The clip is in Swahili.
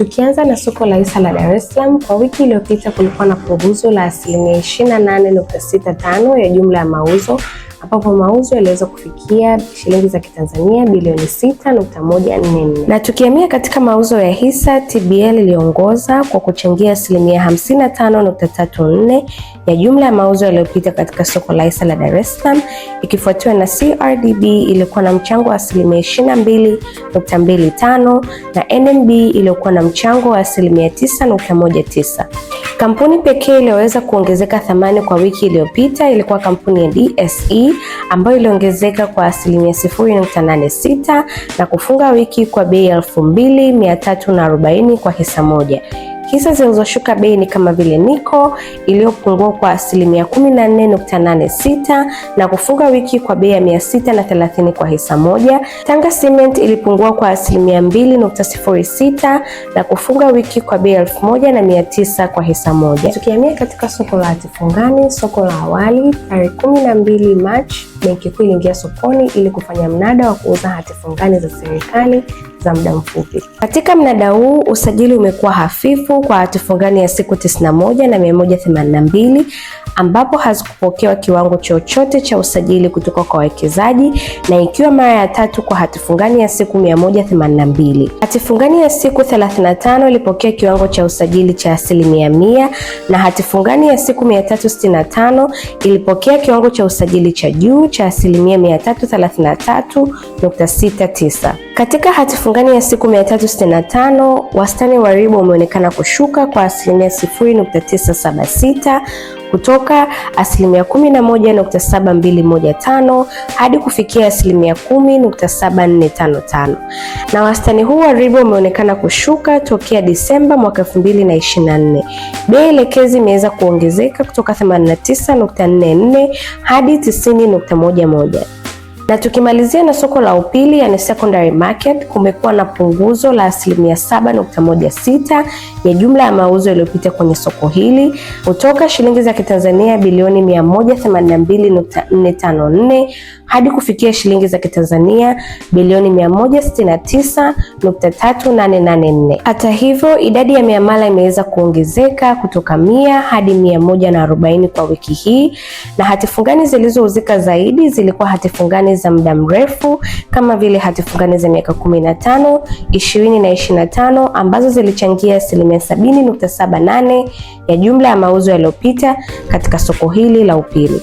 Tukianza na soko la hisa la Dar es Salaam, kwa wiki iliyopita kulikuwa na punguzo la asilimia 28.65 ya jumla ya mauzo ambapo mauzo yaliweza kufikia shilingi za kitanzania bilioni 6.144. Na tukiamia katika mauzo ya hisa, TBL iliongoza kwa kuchangia asilimia 55.34 ya jumla ya mauzo yaliyopita katika soko la hisa la Dar es Salaam, ikifuatiwa na CRDB iliyokuwa na mchango wa asilimia 22.25 na NMB iliyokuwa na mchango wa asilimia 9.19. Kampuni pekee iliyoweza kuongezeka thamani kwa wiki iliyopita ilikuwa kampuni ya DSE ambayo iliongezeka kwa asilimia 0.86 na kufunga wiki kwa bei 2340 kwa hisa moja. Hisa zilizoshuka bei ni kama vile Niko iliyopungua kwa asilimia 14.86 na kufunga wiki kwa bei ya 630 kwa hisa moja. Tanga Cement ilipungua kwa asilimia 2.06 na kufunga wiki kwa bei 1900 kwa hisa moja. Tukihamia katika soko la hatifungani, soko la awali tarehe 12 Machi Benki Kuu iliingia sokoni ili kufanya mnada wa kuuza hati fungani za serikali za muda mfupi. Katika mnada huu usajili umekuwa hafifu kwa hati fungani ya siku 91 na 182 ambapo hazikupokewa kiwango chochote cha usajili kutoka kwa wawekezaji na ikiwa mara ya tatu kwa hatifungani ya siku 182. Hatifungani ya siku 35 ilipokea kiwango cha usajili cha asilimia mia na hatifungani ya siku 365 ilipokea kiwango cha usajili cha juu cha asilimia 333.69. Katika hatifungani ya siku 365 wastani wa riba umeonekana kushuka kwa asilimia 0.976 kutoka asilimia 11.7215 hadi kufikia asilimia 10.7455, na wastani huu wa riba umeonekana kushuka tokea Disemba mwaka 2024. Bei elekezi imeweza kuongezeka kutoka 89.44 hadi 90.11. Na tukimalizia na soko la upili, yani secondary market, kumekuwa na punguzo la asilimia 7.16 ya jumla ya mauzo yaliyopita kwenye soko hili kutoka shilingi za Kitanzania bilioni 182.454 hadi kufikia shilingi za Kitanzania bilioni 169.3884. Hata hivyo, idadi ya miamala imeweza kuongezeka kutoka mia hadi 140 kwa wiki hii, na hatifungani zilizouzika zaidi zilikuwa hatifungani za muda mrefu kama vile hati fungani za miaka 15, 20 na 25 ambazo zilichangia asilimia 70.78 ya jumla ya mauzo yaliyopita katika soko hili la Upili.